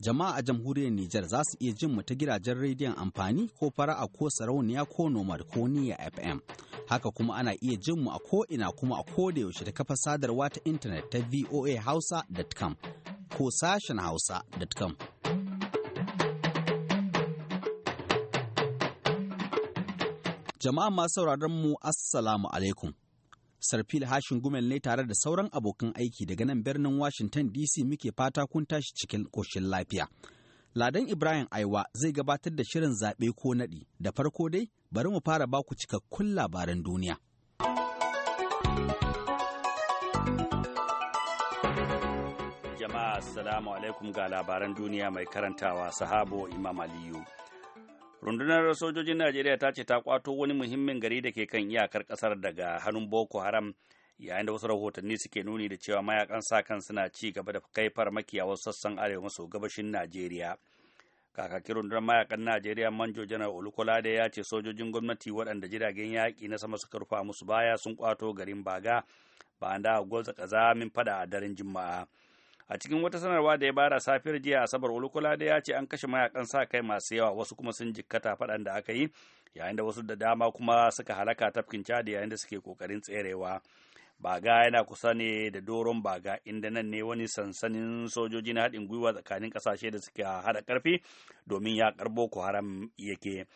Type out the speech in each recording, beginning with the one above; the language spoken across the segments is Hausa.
jama'a a jamhuriyar Nijar za su iya jin mu ta gidajen rediyon amfani ko fara'a ko sarauniya ko nomad ko niya FM. Haka kuma ana iya jin mu a ko'ina kuma a da yaushe ta kafa sadarwa ta intanet ta voahausa.com ko sashen hausa.com. Jama'a masu sauraron mu Assalamu alaikum. Sarfil Hashin Gumel ne tare da sauran abokan aiki daga nan birnin Washington DC muke fata kun tashi cikin ƙoshin lafiya. Ladan Ibrahim Aiwa zai gabatar da shirin zaɓe ko naɗi da farko dai bari mu fara baku cikakkun labaran duniya. Jama'a Assalamu alaikum ga labaran duniya mai karantawa sahabo Imam Aliyu. rundunar sojojin najeriya ta ce ta kwato wani muhimmin gari da ke kan iyakar kasar daga hannun boko haram yayin da wasu rahotanni suke nuni da cewa mayakan sa kan suna ci gaba da kai farmaki a wasu sassan arewa maso gabashin najeriya kakakin rundunar mayakan najeriya manjo janar da ya ce sojojin gwamnati waɗanda jiragen yaƙi na sama suka rufa musu baya sun kwato garin baga ba da gwaza min fada a daren juma'a a cikin wata sanarwa da ya bara safiyar jiya asabar da ya ce an kashe mayakan sa kai masu yawa wasu kuma sun jikkata faɗan da aka yi yayin da wasu da dama kuma suka halaka tafkin chad yayin da suke kokarin tserewa baga yana kusa ne da doron baga inda nan ne wani sansanin sojoji na haɗin gwiwa tsakanin ƙasashe da suke haɗa ƙarfi domin karbo boko haram yake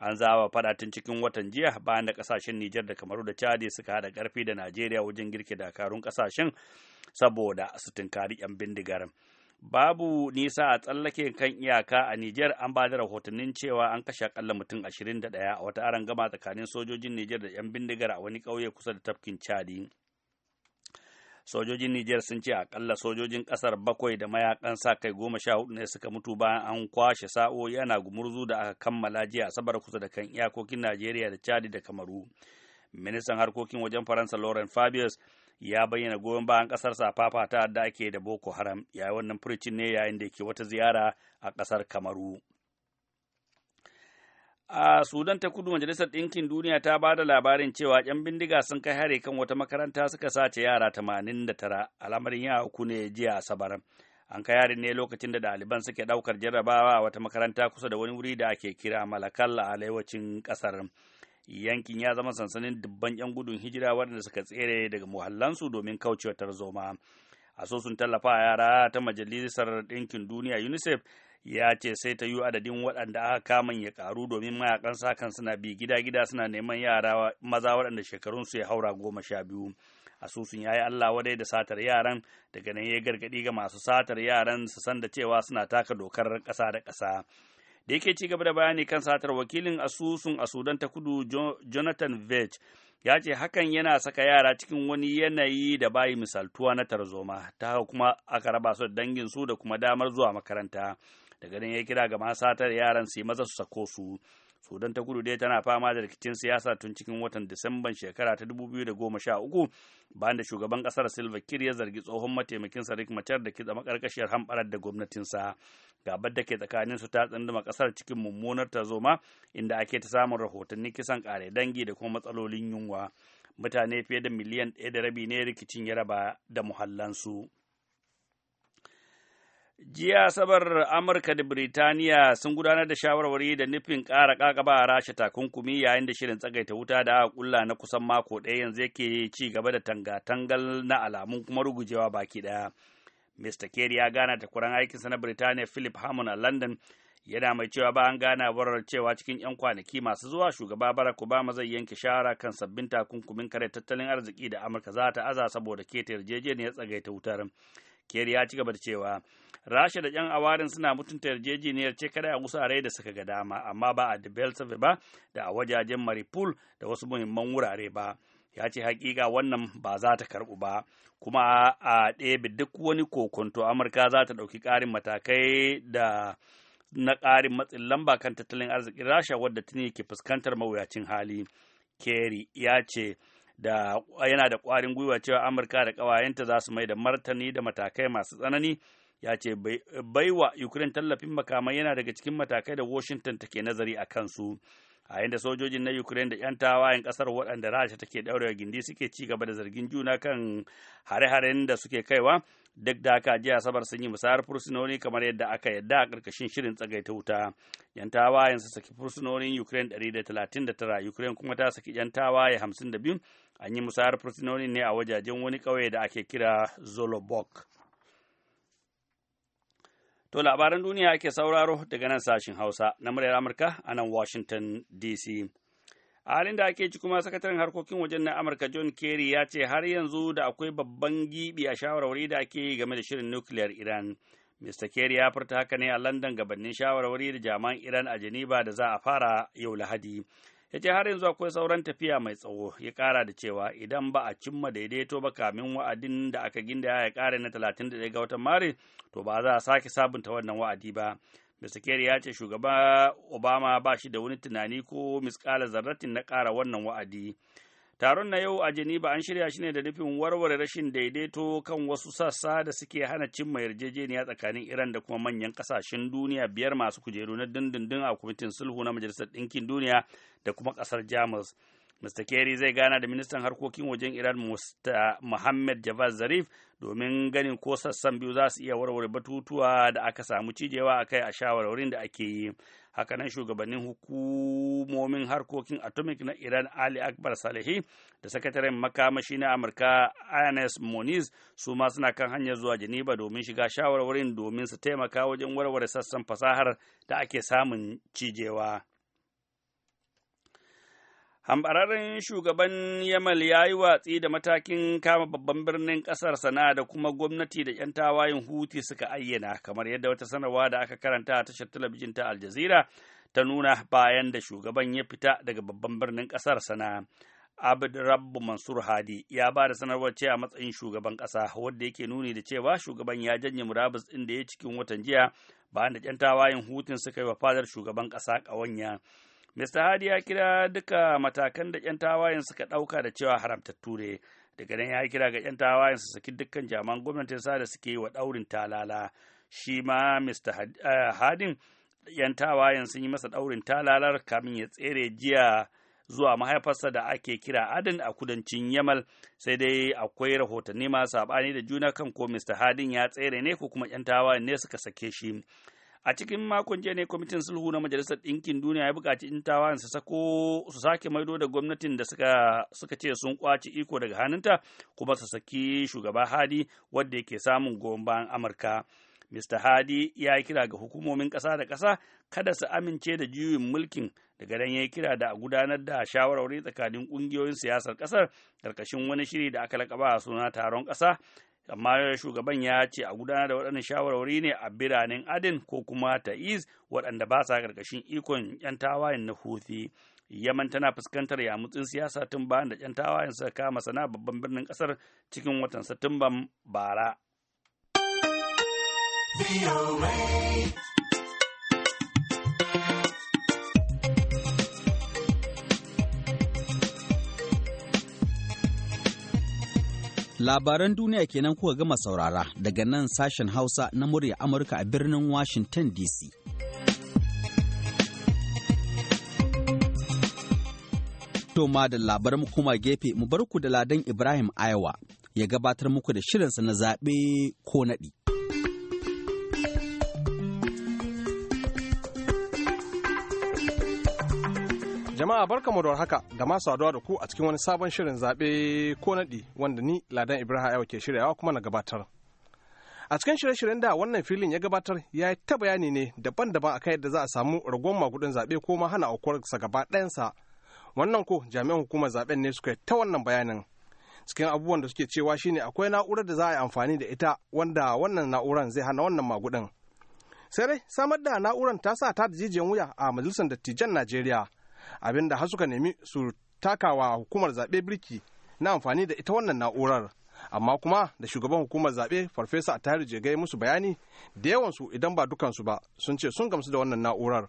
an zaba faɗatin cikin watan jiya bayan da ƙasashen nijar da kamaru da chad suka haɗa ƙarfi da najeriya wajen girke dakarun ƙasashen saboda su tunkari 'yan bindigar. babu nisa a tsallake kan iyaka a Nijar an ba da rahotannin cewa an kashe akalla mutum 21 a wata gama tsakanin sojojin Nijar da 'yan bindigar a wani ƙauye kusa da tafkin Chadi. Sojojin Nijar sun ce akalla sojojin ƙasar bakwai da mayakan sa kai goma sha hudu ne suka mutu bayan an kwashe sa'o'i yana gumurzu da aka kammala jiya asabar kusa da kan iyakokin Najeriya da Chadi da Kamaru. Ministan harkokin wajen Faransa Laurent Fabius ya bayyana goyon bayan a fafata da ake da boko haram Ya yi wannan furicin ne yayin da ke wata ziyara a kasar kamaru a sudan ta kudu majalisar ɗinkin duniya ta ba da labarin cewa 'yan bindiga sun kai hare kan wata makaranta suka sace yara 89 al'amarin ya uku ne jiya asabar an kai yarin ne lokacin da ɗaliban suke ɗaukar jarrabawa a wata makaranta kusa da wani wuri da ake kira malakal a arewacin ƙasar yankin ya zama sansanin dubban 'yan gudun hijira waɗanda suka tsere daga muhallansu domin kaucewa tarzoma asusun tallafa yara ta majalisar ɗinkin duniya unicef ya ce sai ta yi adadin waɗanda aka kaman ya karu domin mayakan sakan suna bi gida-gida suna neman yara maza waɗanda shekarunsu ya haura goma sha biyu asusun ya yi allah wadai da satar yaran daga nan ya gargaɗi ga masu satar yaran su san da cewa suna taka dokar ƙasa da ƙasa da yake ci gaba da bayani kan satar wakilin asusun a sudan ta kudu jonathan vech ya ce hakan yana saka yara cikin wani yanayi da bayi misaltuwa na tarzoma ta haka kuma aka raba su da dangin su da kuma damar zuwa makaranta daga nan ya kira ga masu satar yaran su yi maza su sako su sudan ta kudu dai tana fama da rikicin siyasa tun cikin watan disamban shekara ta 2013 bayan da shugaban kasar silva Kir ya zargi tsohon mataimakin sa rick machar da kitsa makarkashiyar hamɓarar da gwamnatinsa gabar da ke tsakanin su ta tsanduma kasar cikin mummunar ta zoma inda ake ta samun rahotanni kisan kare dangi da kuma matsalolin yunwa mutane fiye da miliyan ɗaya da rabi ne rikicin ya raba da muhallansu. Jiya Asabar Amurka da Birtaniya sun gudanar da shawarwari da nufin ƙara ƙaƙaba a rasha takunkumi yayin da shirin tsagaita wuta da aka kulla na kusan mako ɗaya yanzu yake ci gaba da tangatangal na alamun kuma rugujewa baki ɗaya. Mr. Kerry ya gana da kuran aikinsa na Birtaniya Philip Hammond a London yana mai cewa ba an bayan warar cewa cikin 'yan kwanaki masu zuwa shugaba Barack Obama zai yanke shawara kan sabbin takunkumin kare tattalin arziki da Amurka za ta aza saboda keta yarjejeniyar tsagaita wutar. Kerry ya ci gaba da cewa rasha da yan awarin suna mutunta yarjejeniyar ce kada a wusare da suka ga dama amma ba a debeltseve ba da a wajajen maripul da wasu muhimman wurare ba ya ce hakika wannan ba za ta karbu ba kuma a ɗebe duk wani kokonto amurka za ta ɗauki ƙarin matakai da na ƙarin matsin lamba kan tattalin arzikin rasha wadda tuni ke fuskantar mawuyacin hali kerry ya ce da yana da ƙwarin gwiwa cewa amurka da ƙawayenta za su mai da martani da matakai masu tsanani ya ce bai wa ukraine tallafin makamai yana daga cikin matakai da washington take nazari a kansu a yadda sojojin na ukraine da 'yan tawayen kasar waɗanda rasha take ɗaurewa gindi suke ci gaba da zargin juna kan hare-haren da suke kaiwa duk da aka ji asabar sun yi musayar fursunoni kamar yadda aka yadda a ƙarƙashin shirin tsagaita wuta yan tawayen su saki fursunonin ukraine 139 ukraine kuma ta saki yan tawaye 52 an yi musayar fursunonin ne a wajajen wani ƙauye da ake kira zolobok To labaran duniya ake sauraro daga nan sashin Hausa na muryar Amurka a nan Washington DC. A halin da ake ci kuma sakataren harkokin wajen na Amurka John Kerry ya ce har yanzu da akwai babban gibi a shawarwari da ake yi game da shirin nukiliyar Iran. Mr. Kerry ya furta haka ne a London gabanin shawarwari da jami'an Iran a Geneva da za a fara yau Lahadi. ya ce har yanzu akwai sauran tafiya mai tsawo ya kara da cewa idan ba a cimma daidaito ba kamin wa'adin da aka ginda ya kare na 31 ga watan maris to ba za a sake sabunta wannan wa'adi ba Mr. Kerry ya ce shugaba Obama ba shi da wani tunani ko miskala zarratin na kara wannan wa'adi. Taron na yau a Geneva an shirya shi ne da nufin warware rashin daidaito kan wasu sassa da suke hana cimma yarjejeniya tsakanin Iran da kuma manyan kasashen duniya biyar masu kujeru na dindindin a kwamitin sulhu na Majalisar Ɗinkin Duniya da kuma ƙasar Jamus. Mr. Kerry zai gana da ministan harkokin wajen Iran Mr. Mohammed Javad Zarif domin ganin ko sassan biyu za su iya warware batutuwa da aka samu cijewa a kai a shawarwarin da ake yi. Hakanan shugabannin hukumomin harkokin atomic na Iran Ali Akbar Salehi da sakataren makamashi na Amurka Ines Moniz su ma suna kan hanyar zuwa Geneva domin shiga shawarwarin domin su taimaka wajen warware sassan fasahar da ake samun cijewa. Hambararren shugaban Yamal ya yi watsi da matakin kama babban birnin ƙasar sana da kuma gwamnati da 'yan tawayen Huti suka ayyana, kamar yadda wata sanarwa da aka karanta a tashar talabijin ta Al Jazeera ta nuna bayan da shugaban ya fita daga babban birnin ƙasar sana. Rabbu Mansur Hadi ya ba da sanarwar ce a matsayin shugaban ƙasa wadda yake nuni da cewa shugaban ya janye murabus ɗin da ya cikin watan jiya bayan da 'yan tawayen hutun suka yi wa fadar shugaban ƙasa ƙawanya. Mr. Hadi ya kira duka matakan da 'yan tawayen suka ɗauka da cewa haramta ne. Daga nan ya kira ga 'yan tawayen su saki dukkan jaman gwamnatin sa da suke yi wa ɗaurin talala. Shi ma Mr. Eh, Hadin 'yan tawayen sun yi masa ɗaurin talalar kamin ya tsere jiya zuwa mahaifarsa da ake kira adin a kudancin Yamal sai dai akwai rahotanni masu saɓani da juna kan ko Mr. Hadin ya tsere ne ko kuma 'yan tawayen ne suka sake shi. a cikin makon jiya ne kwamitin sulhu na majalisar ɗinkin duniya ya buƙaci in tawayen su su sake maido da gwamnatin da suka ce sun kwace iko daga hannunta kuma su saki shugaba hadi wadda yake samun goyon amurka Mr. Hadi ya yi kira ga hukumomin ƙasa da ƙasa kada su amince da juyin mulkin daga dan ya yi kira da a gudanar da shawarwari tsakanin ƙungiyoyin siyasar ƙasar ƙarƙashin wani shiri da aka lakaba a suna taron ƙasa amma shugaban ya ce a gudanar da waɗannan shawarwari ne a biranen adin ko kuma ta'iz waɗanda ba sa ƙarƙashin ikon 'yan tawayen na huthi yaman tana fuskantar yamutsin siyasa tun bayan da 'yan tawayen suka kama sana babban birnin ƙasar cikin watan satumban bara Labaran duniya kenan kuka gama saurara daga nan sashen Hausa na murya Amurka a birnin Washington DC. To ma da labaran kuma gefe mu barku da ladan Ibrahim Ayawa ya gabatar muku da shirinsa na zaɓe ko naɗi. Jama'a barkamu da haka da masu saduwa da ku a cikin wani sabon shirin zaɓe ko naɗi wanda ni Ladan Ibrahim yau ke shiryawa kuma na gabatar. A cikin shirye-shiryen da wannan filin ya gabatar ya yi ta bayani ne daban-daban akan yadda za a samu ragon magudin zaɓe ko ma hana aukuwar sa gaba ɗayansa. Wannan ko jami'an hukumar zaɓen ne suka yi ta wannan bayanin. Cikin abubuwan da suke cewa shine akwai na'urar da za a yi amfani da ita wanda wannan na'urar zai hana wannan magudin. Sai dai samar da na'urar ta sa ta da jijiyan wuya a majalisar dattijan Najeriya. da har suka nemi su takawa hukumar zaɓe birki na amfani da ita wannan na'urar amma kuma da shugaban hukumar zaɓe farfesa a atari gai musu bayani da yawansu idan ba dukansu ba sun ce sun gamsu da wannan na'urar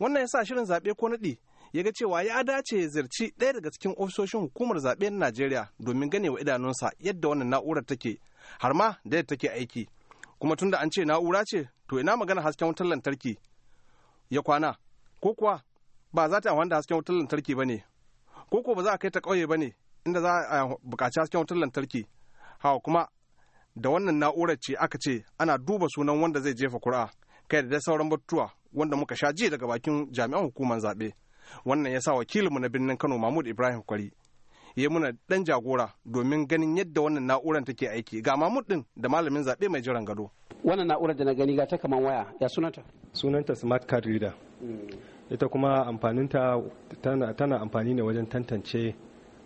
wannan yasa shirin zaɓe ko naɗi ya ga cewa ya dace ya zirci ɗaya daga cikin ofisoshin hukumar zaɓe na najeriya domin gane wa idanunsa yadda wannan na'urar take har ma da yadda take aiki kuma tunda an ce na'ura ce to ina magana hasken wutar lantarki ya kwana ko kuwa ba za ta wanda da hasken wutar lantarki ba ne ko ko ba za a kai ta ƙauye ba ne inda za a buƙaci hasken wutar lantarki hawa kuma da wannan na'urar ce aka ce ana duba sunan wanda zai jefa kuri'a kai da dai sauran batutuwa wanda muka sha ji daga bakin jami'an hukumar zaɓe wannan ya sa wakilinmu na birnin kano mahmud ibrahim kwari ya muna dan jagora domin ganin yadda wannan na'urar take aiki ga mahmud din da malamin zaɓe mai jiran gado wannan na'urar da na gani ga ta kaman waya ya sunanta sunanta smart card reader hmm. ita kuma amfaninta tana, amfani ne wajen tantance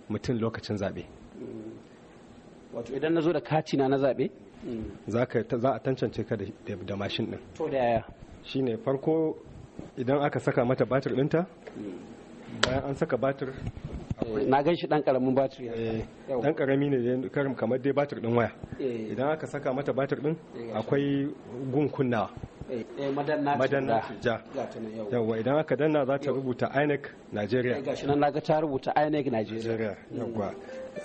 mutum lokacin zaɓe wato idan na zo da katina na zaɓe za a tantance ka da mashin ɗin to da yaya ne farko idan aka saka mata batir ɗinta bayan an saka batir eh, na gan shi dan ƙaramin batir dan eh, ƙarami ne kamar dai batir ɗin waya eh. idan aka saka mata batir ɗin akwai gun kunnawa Eh, eh, madanna ja yawa idan aka danna za ta rubuta INEC Nigeria eh, gashi nan naga ta rubuta INEC Nigeria mm. yawa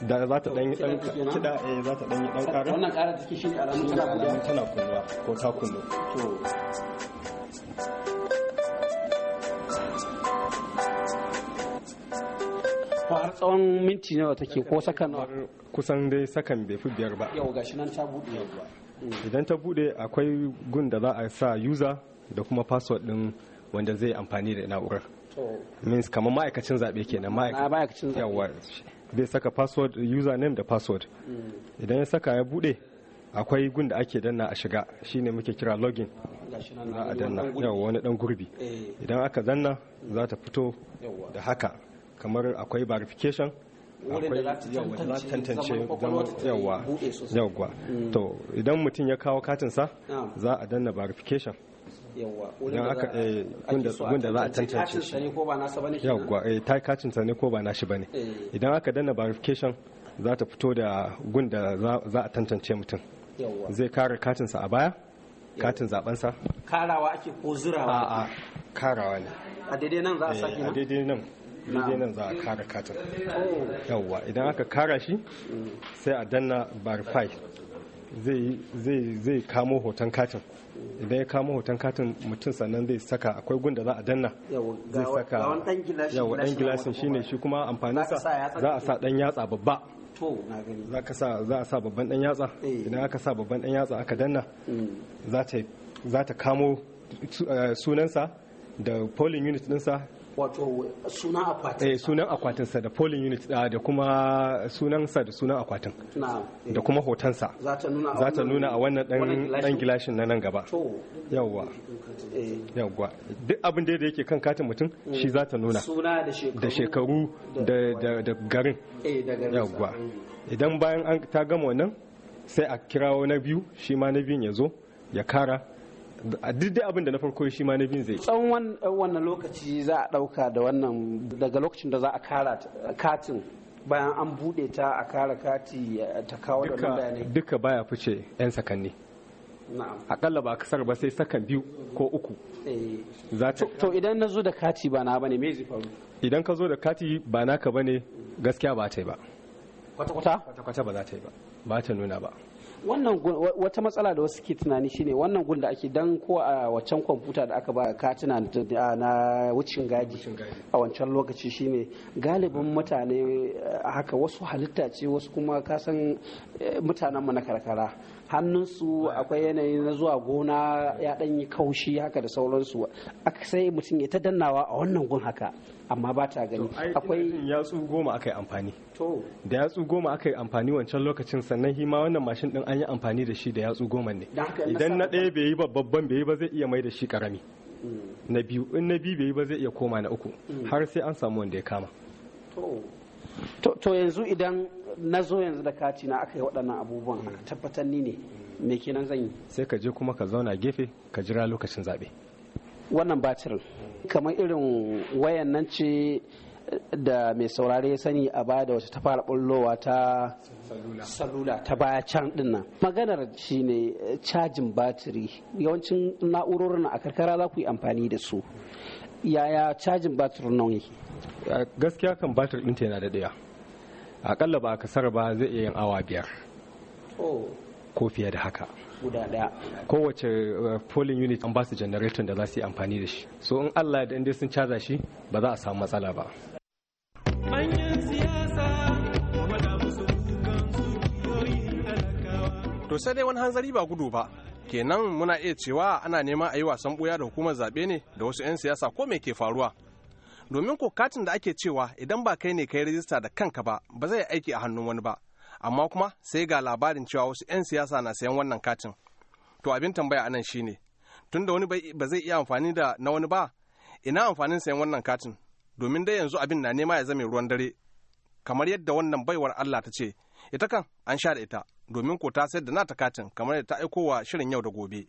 da za ta dan dan kida eh za ta dan dan ƙara wannan ƙara take shi alamun tana kunnuwa ko ta kunnu to har tsawon minti nawa take ko sakan kusan dai sakan bai fi biyar ba yau gashi nan ta buɗe yau idan ta bude akwai gun da za a sa user da kuma password din wanda zai amfani da na'urar means kamar ma'aikacin zaɓe kenan ma'aikacin yawa zai saka password username da password mm. idan ya saka ya bude akwai gun da ake danna a shiga shine muke kira login za a danna yawa wani dan gurbi eh. idan aka zanna za ta fito da haka kamar akwai verification wurin da za ta tantance yawa yawa mm. to idan mutum ya kawo katinsa za a danna verification yawa eh, da za a tantance shi yawa ta kacin sa ne ko ba nashi ne eh. idan aka danna verification za ta fito da gunda za a tantance mutum zai kare katinsa a baya katin zabensa karawa ake ko zurawa a karawa ne a daidai nan za a saki eh, a daidai nan daidai nan za a kara katin yawwa idan aka kara shi sai a danna 5 zai kamo hoton katin idan ya kamo hoton katin mutum sannan zai saka akwai gun da za a danna zai saka yawwa dan gilashin shine shi kuma amfaninsa za a sa dan yatsa babba za a sa babban dan yatsa eh. idan aka sa babban dan yatsa aka danna mm. za ta kamo eh, sunansa da polling unit dinsa wato sunan akwatin eh sunan akwatin sa da polling unit ah, da kuma sunan sa da sunan akwatin da kuma hoton sa za ta nuna a wannan dan gilashin na nan gaba yawwa eh. yawwa duk abin da yake kan katin mutum shi mm. za ta nuna da shekaru da garin eh, yawwa idan bayan ta gama wannan sai a kirawo na biyu shi ma na biyun ya zo ya kara duk da abin da na farko shi ma na biyun zai tsawon eh, wannan lokaci za a dauka da wannan daga lokacin da za a kara eh, katin bayan an bude ta a kara kati ta kawo da ne. duka baya fice yan sakanni akalla ba kasar ba sai sakan biyu ko uku eh. to idan na zo da kati ba na bane me zai faru idan ka zo da kati ba naka bane gaskiya ba ta yi ba kwata-kwata kwata-kwata ba za ta yi ba ba ta nuna ba wannan wata matsala da wasu ke tunani shine wannan gun da ake dan ko a waccan kwamfuta da aka ba katina na wucin gadi a wancan lokaci shine galibin mutane eh, haka wasu halitta ce wasu kuma kasan eh, mutanen mu na karkara hannunsu akwai yanayi na zuwa gona ya dan yi kaushi haka da sauransu sai mutum ya ta dannawa a wannan gun haka amma ba ta gani akwai yatsu goma aka yi amfani da yatsu goma aka yi amfani wancan lokacin sannan hima wannan mashin din an yi amfani da shi da yatsu goma ne idan na ɗaya bai yi babban bai yi ba zai iya mai da shi karami mm. na biyu in na biyu bai yi ba zai iya koma na uku mm. har sai an samu wanda ya kama to yanzu idan na zo yanzu da kati na aka yi waɗannan abubuwan aka tabbatar ni ne me kenan zan yi sai ka je kuma ka zauna gefe ka jira lokacin zaɓe wannan batirin kamar irin wayan nan ce da mai saurare ya sani a baya da wacce ta fara bullowa ta salula ta baya can din nan maganar shine eh, cajin batiri yawancin na'urorin a karkara za ku yi amfani da su yaya cajin batir nan gaskiya kan batir ɗinta yana da ɗaya akalla ba kasar ba zai iya yin awa biyar oh. ko fiye da haka guda ɗaya kowace eh, polling unit an ba su generator da za su yi amfani da shi so in allah da inda sun caza shi ba za a samu matsala ba to sai dai wani hanzari ba gudu ba kenan muna iya cewa ana neman a yi wasan ɓuya da hukumar zaɓe ne da wasu 'yan siyasa ko me ke faruwa domin ko katin da ake cewa idan ba kai ne kai rijista da kanka ba ba zai aiki a hannun wani ba amma kuma sai ga labarin cewa wasu 'yan siyasa na sayan wannan katin to abin tambaya anan shine tunda wani ba zai iya amfani da na wani ba ina amfanin sayan wannan katin domin dai yanzu abin na nema ya zame ruwan dare kamar yadda wannan baiwar Allah ta ce ita kan an sha da ita domin ko ta sayar da nata katin kamar da ta aiko wa shirin yau da gobe.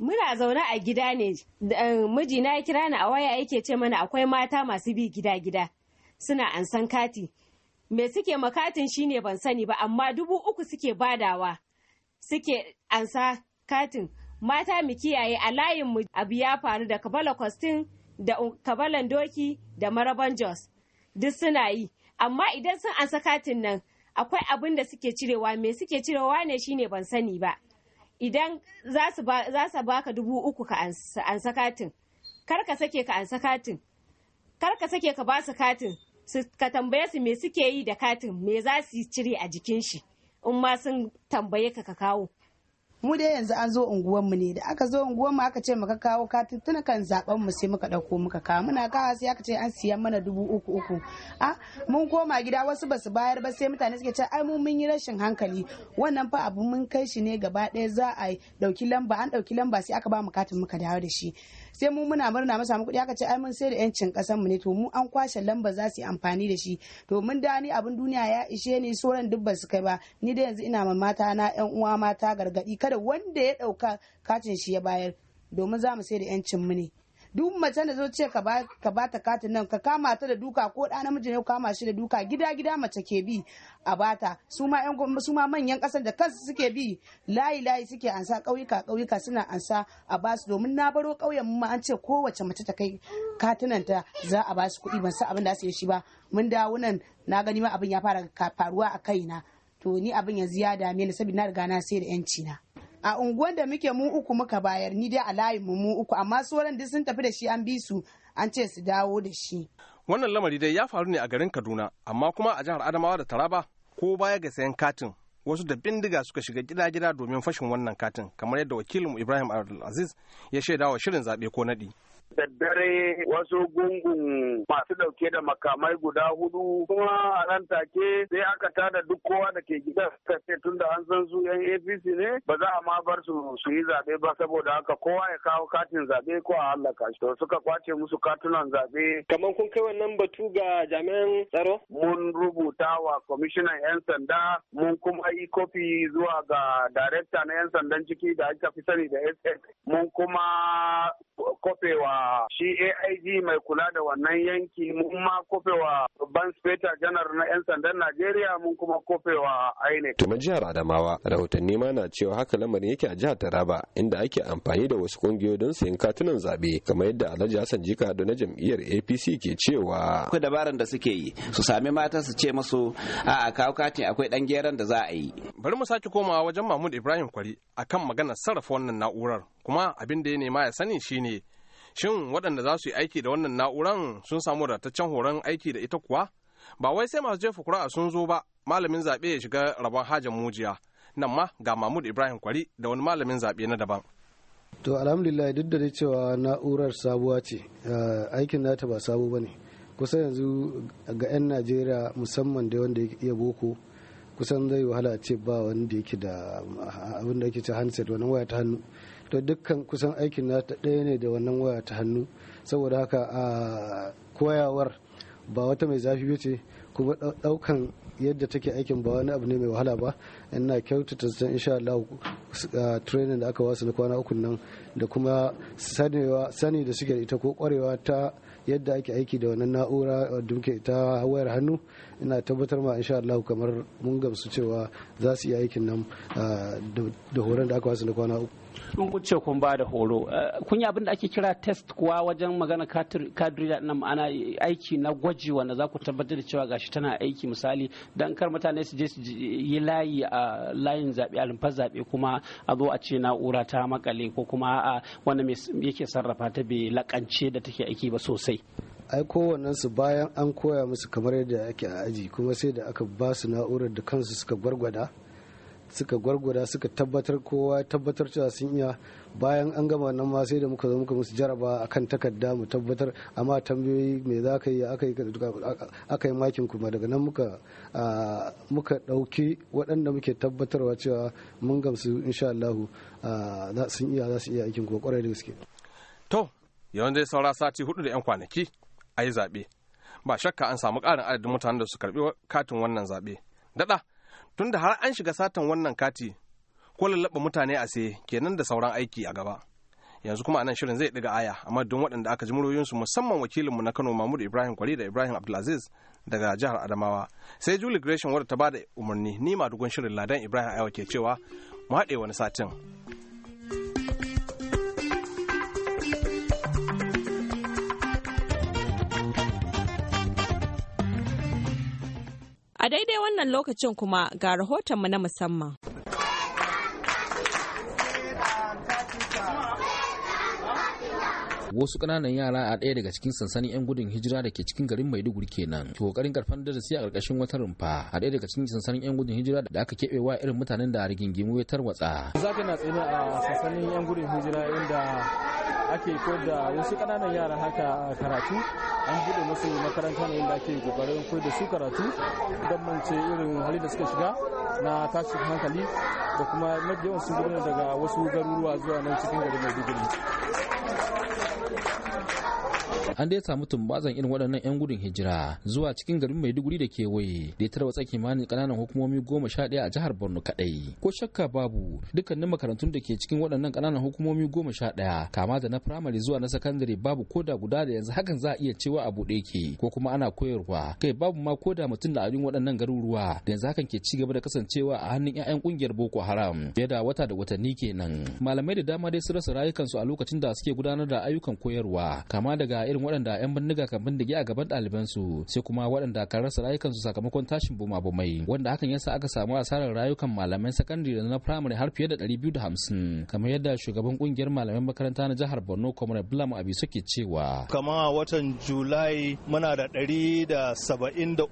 Muna zaune a gida ne, eh, mijina ya kira ni a waya yake ce mana akwai mata masu bi gida-gida suna ansan kati. Me suke makatin ne ban sani ba, amma dubu uku suke badawa suke ansa katin. Mata mu kiyaye a layin mu abu ya faru da kabala kwastin da kabalan doki da maraban jos duk suna yi. Amma idan sun ansa katin nan akwai abin da suke cirewa me suke cirewa ne shine ban sani ba idan za su baka dubu uku ka ansa katin kar ka sake ka ansa katin kar ka sake ka su katin ka tambaye su me suke yi da katin me za su yi cire a jikin shi in ma sun tambaye ka ka kawo mu dai yanzu an zo unguwanmu ne da aka zo unguwanmu aka ce muka kawo tuna kan zaben mu sai muka dauko muka kawo muna kawo sai aka ce an siya mana dubu uku uku a mun koma gida wasu basu bayar ba sai mutane suke ce ai mun yi rashin hankali wannan fa abu mun kai shi ne gaba ɗaya za a dauki lamba an dauki lamba sai aka ba mu katin muka dawo da shi sai mu muna murna mu samu kuɗi aka ce ai mun sai da yancin kasan mu ne to mu an kwashe lamba za su yi amfani da shi to mun da ni abin duniya ya ishe ni sauran duk ba su kai ba ni da yanzu ina ma mata na yan uwa mata gargadi kada wanda ya dauka katin shi ya bayar domin za mu sai da yancin mu ne duk mace da zo ce ka ba ta katin nan ka kama ta da duka ko ɗa namiji ne kama shi da duka gida gida mace ke bi a bata su ma yan su ma manyan ƙasar da kansu suke bi layi layi suke ansa ƙauyuka ƙauyuka suna ansa a basu domin na baro ƙauyen mu ma an ce kowace mace ta kai katinan ta za a basu kuɗi ban san abin da su yi shi ba mun dawo nan na gani ma abin ya fara faruwa a kaina to ni abin yanzu ya dame ni saboda na riga na sai da yanci na a unguwan da muke mu uku muka bayar ni dai a layin mu uku amma sauran duk sun tafi da shi an bi su an ce su dawo da shi wannan lamari dai ya faru ne a garin Kaduna amma kuma a jihar Adamawa da Taraba ko baya ga sayan katin wasu da bindiga suka shiga gida-gida domin fashin wannan katin kamar yadda wakilin Ibrahim Abdulaziz ya shaidawa shirin zaɓe ko naɗi. daddare wasu gungun masu dauke da makamai guda hudu kuma a nan take sai aka tada duk kowa da ke gida suka ce tun da an san su yan apc ne ba za a ma bar su su yi zaɓe ba saboda haka kowa ya kawo katin zaɓe ko a hallaka shi to suka kwace musu katunan zaɓe. kamar kun kai wannan batu ga jami'an tsaro. mun rubuta wa kwamishinan yan sanda mun kuma yi kofi zuwa ga darekta na yan sandan ciki da aka fi sani da ss mun kuma kofewa shi AIG mai kula da wannan yanki mun ma kofewa babban speta janar na 'yan sandan Najeriya mun kuma kofewa INEC. Tuma jihar Adamawa rahotanni ma na cewa haka lamarin yake a jihar Taraba inda ake amfani da wasu kungiyoyi don sayan katunan zabe kamar yadda Alhaji Hassan Jika da na jam'iyyar APC ke cewa. Ku dabaran da suke yi su sami mata su ce masu a'a kawo katin akwai dan geran da za a yi. Bari mu sake komawa wajen Mahmud Ibrahim Kwari akan maganar sarrafa wannan na'urar kuma abin da ya nema ya sani shine Shin waɗanda za su yi aiki da wannan na'uran sun samu rataccen horon aiki da ita kuwa? Ba wai sai masu jefa kura'a sun zo ba, malamin zaɓe ya shiga rabon hajjan mujiya. Nan ma ga Mahmud Ibrahim Kwari da wani malamin zaɓe na daban. To alhamdulillah duk da dai cewa na'urar sabuwa ce, eh, aikin nata ba sabo ba ne. Kusa yanzu ga 'yan Najeriya musamman da wanda ya boko kusan zai wahala ce ba wanda yake da abin da yake ci handset wani waya ta hannu. to dukkan kusan aikin na ta ɗaya ne da wannan waya ta hannu saboda haka a koyawar ba wata mai zafi ba ce kuma ɗaukan yadda take aikin ba wani abu ne mai wahala ba ina kyautata zan insha Allah training da aka wasu na kwana uku nan da kuma sani da suke ita ko kwarewa ta yadda ake aiki da wannan na'ura da ta wayar hannu ina tabbatar ma insha Allah kamar mun gamsu cewa za su iya aikin nan da horon da aka wasu na kwana uku in kun kun ba da horo eh, kun yi abin da ake kira test kuwa wajen magana kadiri da na ma'ana aiki na gwaji wanda za ku tabbatar da cewa gashi tana aiki misali dan kar mutane su je su yi layi a layin zaɓe a rumfar zaɓe kuma a zo a ce na'ura ta makale ko kuma a wanda yake sarrafa ta bai lakance da take aiki ba sosai ai kowannen su bayan an koya musu kamar yadda ake a aji kuma sai da aka ba su na'urar da kansu suka gwargwada suka gwargwada suka tabbatar kowa tabbatar cewa sun iya bayan an gama nan ma sai da muka zo muka musu jaraba kan takarda mu tabbatar amma tambayoyi me za ka yi aka yi makin kuma daga nan muka muka ɗauki waɗanda muke tabbatarwa cewa mun gamsu insha Allahu sun iya za su iya aikin kuma kwarai da gaske. To yawan dai saura sati hudu da 'yan kwanaki a yi zaɓe ba shakka an samu ƙarin adadin mutanen da su karɓi katin wannan zaɓe. Daɗa tunda har an shiga satan wannan kati ko lallaba mutane a sai kenan da sauran aiki a gaba yanzu kuma anan shirin zai ɗiga aya amma don waɗanda aka ji muryoyinsu musamman wakilinmu na kano mahmud ibrahim kwari da ibrahim abdulaziz daga jihar adamawa sai julie gresham wadda ta bada umarni ni ma dugun shirin ladan ibrahim ayawa ke cewa mu haɗe wani satin A daidai wannan lokacin kuma ga rahotonmu na musamman. wasu ƙananan yara a ɗaya daga cikin sansanin 'yan gudun hijira da ke cikin garin maiduguri kenan ke ƙoƙarin karfan darasi a ƙarƙashin wata rumfa a ɗaya daga cikin sansanin 'yan gudun hijira da aka keɓe wa irin mutanen da rigingimu ya tarwatsa. zaka na tsaye a sansanin 'yan gudun hijira inda ake koyar da wasu ƙananan yara haka karatu an buɗe masu makaranta ne da ake kokarin koyar da su karatu don mance irin hali da suka shiga na tashin hankali da kuma mafi yawan sun daga wasu garuruwa zuwa nan cikin garin maiduguri an dai samu tumbatsan irin waɗannan 'yan gudun hijira zuwa cikin garin maiduguri da kewaye da ya tarwatsa kimanin ƙananan hukumomi goma sha ɗaya a jihar borno kaɗai ko shakka babu dukkanin makarantun da ke cikin waɗannan ƙananan hukumomi goma sha ɗaya kama da na firamare zuwa na sakandare babu koda guda da yanzu hakan za a iya cewa a buɗe ke ko kuma ana koyarwa kai babu ma koda mutum da abin waɗannan garuruwa da yanzu hakan ke ci gaba da kasancewa a hannun 'ya'yan ƙungiyar boko haram fiye da wata da watanni kenan malamai da dama dai su rasa rayukansu a lokacin da suke gudanar da ayyukan koyarwa kama daga irin irin waɗanda 'yan bindiga kan bindige a gaban su sai kuma waɗanda kan rasa rayukansu sakamakon tashin boma bomai wanda hakan sa aka samu asarar rayukan malamai sakandare da na firamare har fiye da 250 kamar yadda shugaban kungiyar malamai makaranta na jihar Borno Comrade blam Abi suke cewa kama watan Julai muna da 173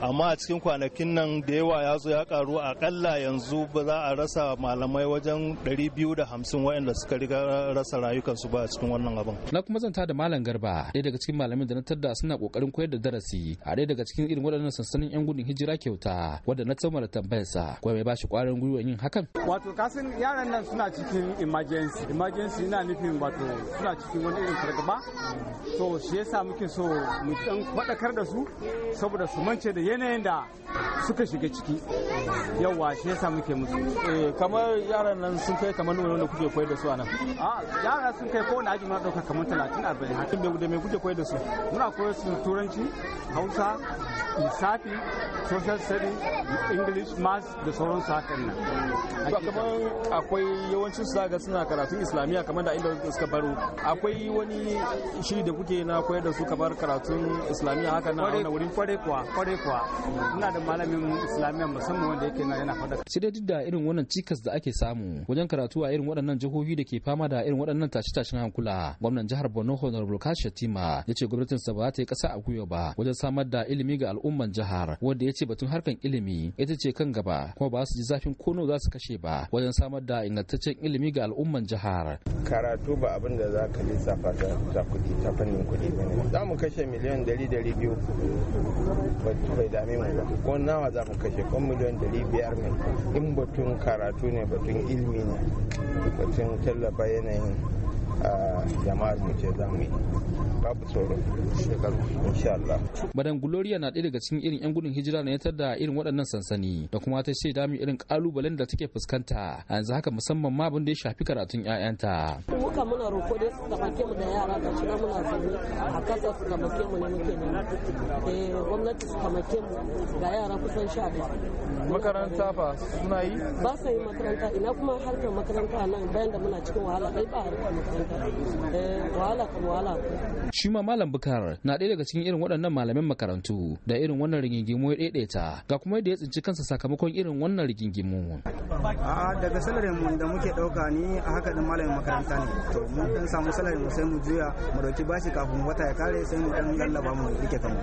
amma a cikin kwanakin nan da yawa ya zo ya karu akalla yanzu ba za a rasa malamai wajen 250 waɗanda suka riga rasa rayukansu ba a cikin wannan abin na kuma zanta da malam Garba ɗaya daga cikin malamin da na tarda suna kokarin koyar da darasi a ɗaya daga cikin irin waɗannan sansanin yan gudun hijira kyauta wanda na tsammara tambayarsa ko mai bashi ƙwarin gwiwa yin hakan wato kasan yaran nan suna cikin emergency emergency yana nufin wato suna cikin wani irin fargaba so shi yasa muke so mu dan faɗakar da su saboda su mance da yanayin da suka shiga ciki yawa shi yasa muke musu eh, kamar yaran nan sun kai kamar nuna da kuke koyar da su a nan a ah, yara sun kai ko na ajin na ɗauka kamar talatin arba'in hakan bai me kuke koyar da su muna koyar su turanci hausa lissafi social studies english maths da sauran sakan nan kamar akwai yawancin su zaga suna karatun islamiyya kamar da inda suka baro akwai wani shiri da kuke na koyar da su kamar karatun islamiyya haka na wani wurin kware kuwa kware kuwa ina da malamin islamiyya musamman wanda yake na yana fada sai dai duk da irin wannan cikas da ake samu wajen karatu a irin waɗannan jihohi da ke fama da irin waɗannan tashe-tashen hankula gwamnan jihar Borno Honorable Kashi Shatima ya ce gwamnatinsa ba ta yi ƙasa a gwiwa ba wajen samar da ilimi ga al'umman jihar wanda ya ce batun harkan ilimi ita ce kan gaba kuma ba su ji zafin kono za su kashe ba wajen samar da ingantaccen ilimi ga al'umman jihar. Karatu ba abin da za ka lissafa ta kuɗi ta fannin kuɗi ba ne. Za mu kashe miliyan dari dari biyu bai dame mu ba. Ko nawa za mu kashe ko miliyan dari biyar ne. In batun karatu ne batun ilimi ne batun tallafa yanayin jama'ar mu ce zan yi babu tsoro shekaru insha Allah. Madan Gloria na ɗaya daga cikin irin 'yan gudun hijira na yatar da irin waɗannan sansani da kuma ta ce dami irin kalubalen da take fuskanta a yanzu haka musamman ma abin da ya shafi karatun 'ya'yanta. Muka muna roko dai su gabake mu da yara da shiga muna zaune a kasa su gabake mu ne muke ne. Eh, gwamnati su gabake mu ga yara kusan sha da. Makaranta fa suna yi? Ba sa yi makaranta ina kuma harkar makaranta nan bayan da muna cikin wahala ai ba harkar makaranta. Eh, shi ma malam bukar na ɗaya daga cikin irin waɗannan malamin makarantu da irin wannan rigingimu ya ɗaiɗaita ga kuma yadda ya tsinci kansa sakamakon irin wannan rigingimu daga salarin mu da muke ɗauka ni a haka da malamin makaranta ne to mu dan samu salarin mu sai mu juya mu ɗauki bashi kafin wata ya kare sai mu dan lallaba mu rike kanmu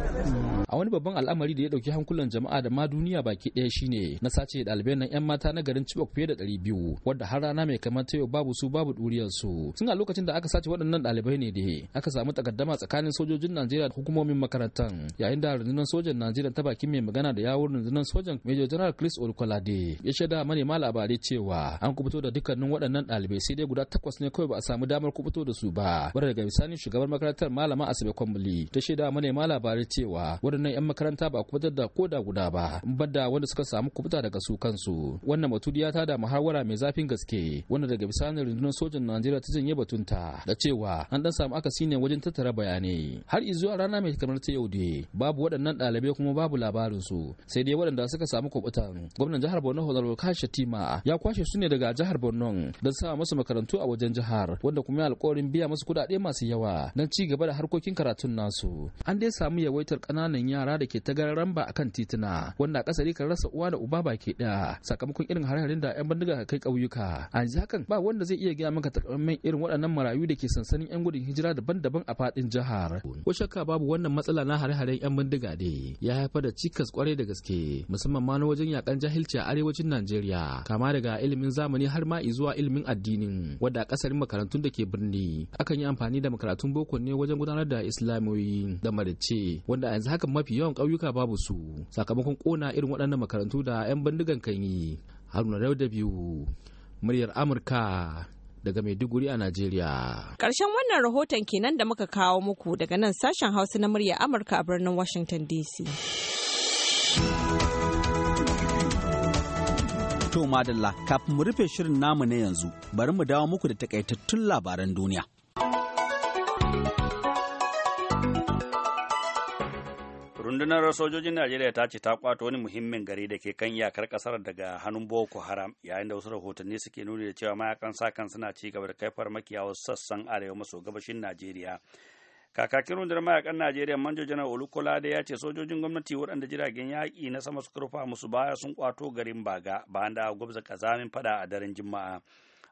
a wani babban al'amari da ya ɗauki hankulan jama'a da ma duniya baki ɗaya shine na sace ɗalibai nan 'yan mata na garin Chibok fiye da 200 wanda har rana mai kamar ta yau babu su babu ɗuriyar su tun a lokacin lokacin da aka sace waɗannan ɗalibai ne dai aka samu takaddama tsakanin sojojin Najeriya da hukumomin makarantar yayin da rundunar sojan Najeriya ta bakin mai magana da yawun rundunar sojan Major General Chris Olukolade ya shaida manema labarai cewa an kubuto da dukkanin waɗannan ɗalibai sai dai guda takwas ne kawai ba a samu damar kubuto da su ba wanda daga bisani shugaban makarantar malama Asabe Kwambuli ta shaida manema labarai cewa waɗannan 'yan makaranta ba kubutar da koda guda ba badda wanda suka samu kubuta daga su kansu wannan batu ya tada muhawara mai zafin gaske wanda daga bisani rundunar sojan Najeriya ta janye batun musanta da cewa an dan samu akasi ne wajen tattara bayanai har zuwa rana mai kamar ta yau dai babu waɗannan ɗalibai kuma babu labarin su sai dai waɗanda suka samu kwabutan gwamnan jihar Borno Honorable Kashi Tima ya kwashe su ne daga jihar Borno don sa musu makarantu a wajen jihar wanda kuma ya alƙawarin biya musu kuɗaɗe masu yawa don ci gaba da harkokin karatun nasu an dai samu yawaitar ƙananan yara da ke tagaran ba akan tituna wanda ƙasari kan rasa uwa da uba baki ɗaya sakamakon irin hare-haren da 'yan bindiga kai ƙauyuka a hakan ba wanda zai iya gaya maka takamaiman irin waɗannan marayu da ke sansanin 'yan gudun hijira daban-daban a fadin jihar. Ko shakka babu wannan matsala na hare-haren 'yan bindiga ne ya haifar da cikas kwarai da gaske musamman ma na wajen yakan jahilci a arewacin Najeriya kama daga ilimin zamani har ma zuwa ilimin addinin wadda a kasarin makarantun da ke birni akan yi amfani da makarantun boko ne wajen gudanar da islamiyoyi da marice wanda a yanzu haka mafi yawan ƙauyuka babu su sakamakon kona irin waɗannan makarantu da 'yan bindigan kan yi haruna da biyu muryar amurka daga Maiduguri a Najeriya. Karshen wannan rahoton kenan da muka kawo muku daga nan sashen Hausa na murya Amurka a birnin Washington DC. To madalla kafin mu rufe shirin namu na yanzu bari mu dawo muku da takaitattun labaran duniya. rundunar sojojin najeriya ta ce ta kwato wani muhimmin gari da ke kan iyakar kasar daga hannun boko haram yayin da wasu rahotanni suke nuni da cewa mayakan sa suna ci gaba da kai makiya wasu sassan arewa maso gabashin najeriya kakakin rundunar mayakan najeriya manjo janar olukolade ya ce sojojin gwamnati waɗanda jiragen yaƙi na sama su rufa musu baya sun kwato garin baga bayan da gwabza kazamin fada a daren juma'a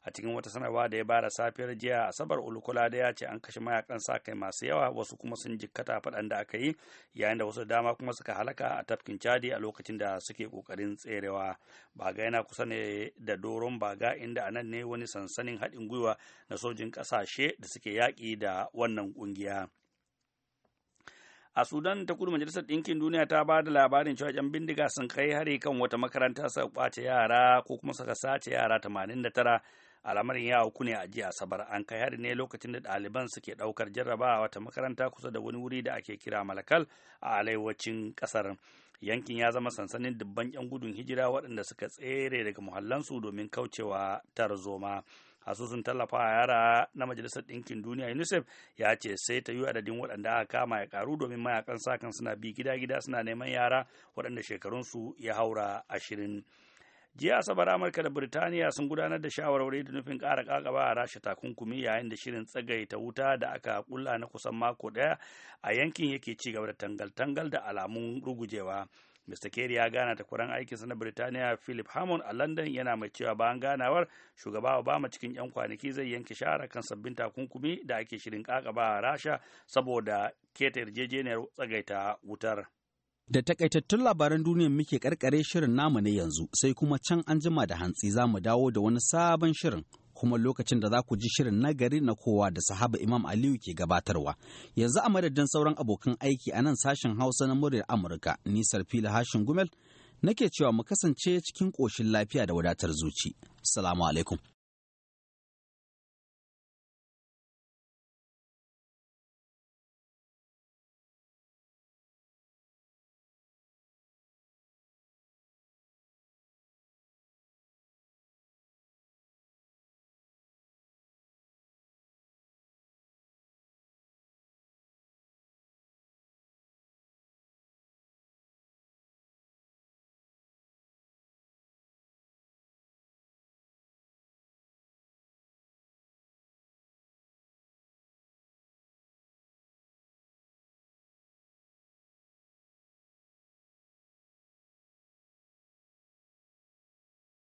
a cikin wata sanarwa da ya bada safiyar jiya asabar ulukula da ya ce an kashe mayakan sa kai masu yawa wasu kuma sun jikkata faɗan da aka yi yayin da wasu dama kuma suka halaka a tafkin chadi a lokacin da suke kokarin tserewa baga yana kusa ne da doron baga inda anan ne wani sansanin haɗin gwiwa na sojin ƙasashe da suke yaƙi da wannan ƙungiya. a sudan ta kudu majalisar ɗinkin duniya ta ba da labarin cewa yan bindiga sun kai hari kan wata makaranta suka kwace yara ko kuma suka sace yara 89 al'amarin ya auku ne a jiya asabar an kai hari ne lokacin da ɗaliban suke ɗaukar jarrabawa wata makaranta kusa da wani wuri da ake kira malakal a alaiwacin ƙasar yankin ya zama sansanin dubban 'yan gudun hijira waɗanda suka tsere daga muhallansu domin kaucewa tarzoma. asusun tallafa a yara na majalisar ɗinkin duniya unicef ya ce sai ta yi adadin waɗanda aka kama ya karu domin mayakan sakan suna bi gida-gida suna neman yara waɗanda shekarunsu ya haura ashirin jiya asabar amurka da birtaniya sun gudanar da shawarwari da nufin kara kakaba a rasha takunkumi yayin da shirin tsagaita wuta da aka kulla na kusan mako ɗaya a yankin yake ci gaba da tangal-tangal da alamun rugujewa Mr. Kerry ya gana ta kuran sa na Birtaniya Philip Hammond a London yana mai cewa bayan ganawar shugaba Obama cikin 'yan kwanaki zai yanke shahara kan sabbin takunkumi da ake shirin kakaba a Rasha saboda keta yarjejeniyar tsagaita wutar. Da takaitattun labaran duniyar muke karkare shirin namu ne yanzu sai kuma can an jima da hantsi za mu dawo da wani sabon shirin kuma lokacin da za ku ji shirin na gari na kowa da sahaba Imam Aliyu ke gabatarwa. Yanzu a madadin sauran abokan aiki a nan sashen Hausa na muryar Amurka nisar fili hashin gumel nake cewa mu kasance cikin ƙoshin lafiya da wadatar zuci. Salamu alaikum.